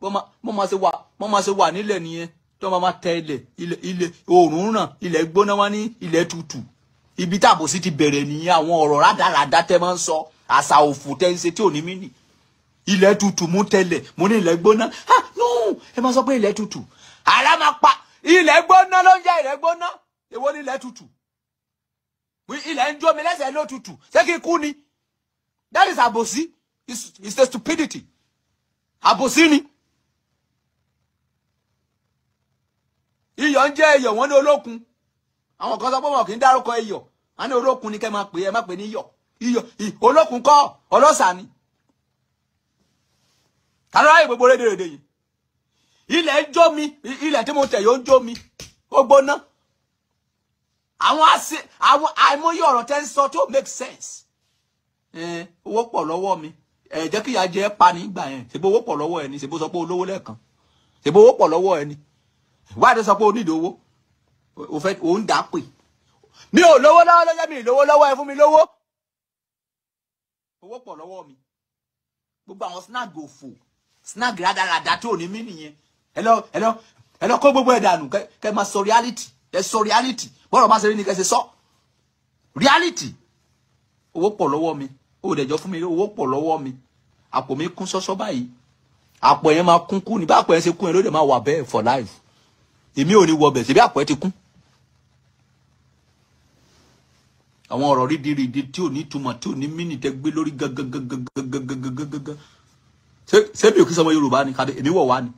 bọ́n máa ṣe wà bọ́n máa ṣe wà nílẹ̀ nìyẹn tí wọ́n máa tẹ ilẹ̀ ilẹ̀ ilẹ̀ òórùn ràn ilẹ̀ gbóná wá ní ilẹ̀ tutù ibi tààbò sí ti bere nìyẹn àwọn ọ̀rọ̀ rádaràdá tẹ́ máa ń Asa àṣà òfò tẹ́ ń ṣe tí ò ní mí nì ilẹ̀ mo ní ilẹ̀ gbóná ah no ẹ máa sọ pé ilẹ̀ tutù ara máa pa ilẹ̀ gbóná ló ń jẹ́ ilẹ̀ gbóná ni ilẹ̀ tutu. ilẹ̀ ń jó mi lese ló tutu. ṣé kí n ni that is abosi. Is is the stupidity Abosi ni. iyọ̀ ń jẹ́ iyọ̀ wọ́n ní olókun àwọn kan sọ pé wọn kì í dárúkọ iyọ̀ wọn ní olókun ni kẹ́ máa pè é má pè ní iyọ̀ iyọ̀ olókun kọ́ ọlọ́sà ni tàbí ráyè gbogbo rédèrèdè yìí ilẹ̀ ń jó mi ilẹ̀ tí mo tẹ̀ yóò ń jó mi ó gbóná àwọn àṣe àwọn àìmọye ọ̀rọ̀ tẹ́ ń sọ tó make sense owó pọ̀ lọ́wọ́ mi ẹ jẹ́ kí ìyá jẹ pa nígbà yẹn ṣèbó owó pọ̀ lọ́wọ́ ẹ ni ṣèbó sọ pé olówó lẹ́ẹ̀kan ṣèbó owó pọ̀ lọ́wọ́ ẹ ni ìwádìí sọ pé o nídìí owó o fẹ́ o ń dà á pè mi ò lówó lọ́wọ́ lọ́jọ́ mi ìlówó lọ́wọ́ ẹ fún mi lówó owó pọ̀ lọ́wọ́ mi gbogbo àwọn snag òfò snag rádaràdà tó ní mí nìyẹn ẹ lọ ẹ lọ ẹ lọ kó gbogbo ẹ dànù kẹ máa sọ reality ẹ sọ reality bọ́rọ̀ bá ṣe rí ni kẹ ṣe sọ reality owó pọ̀ lọ́wọ́ mi ó dẹ̀jọ́ fún mi owó pọ̀ lọ́wọ́ mi àpò mi kún ṣọ́ṣọ́ báyìí àpò yẹn máa kún kú ní bá àpò yẹn ṣe kún yẹn ló dẹ̀ máa wà bẹ́ẹ̀ for life èmi ò ní wọ bẹ̀ síbí àpẹ́ ti kún àwọn ọ̀rọ̀ rídìrídì tí ò ní túmọ̀ tí ò ní mínì tẹ gbé lórí gangan gangan gangan gangan gangan ṣé ṣé mi ò kí sọmọ Yorùbá ni kàdé èmi wọ̀ wá ni.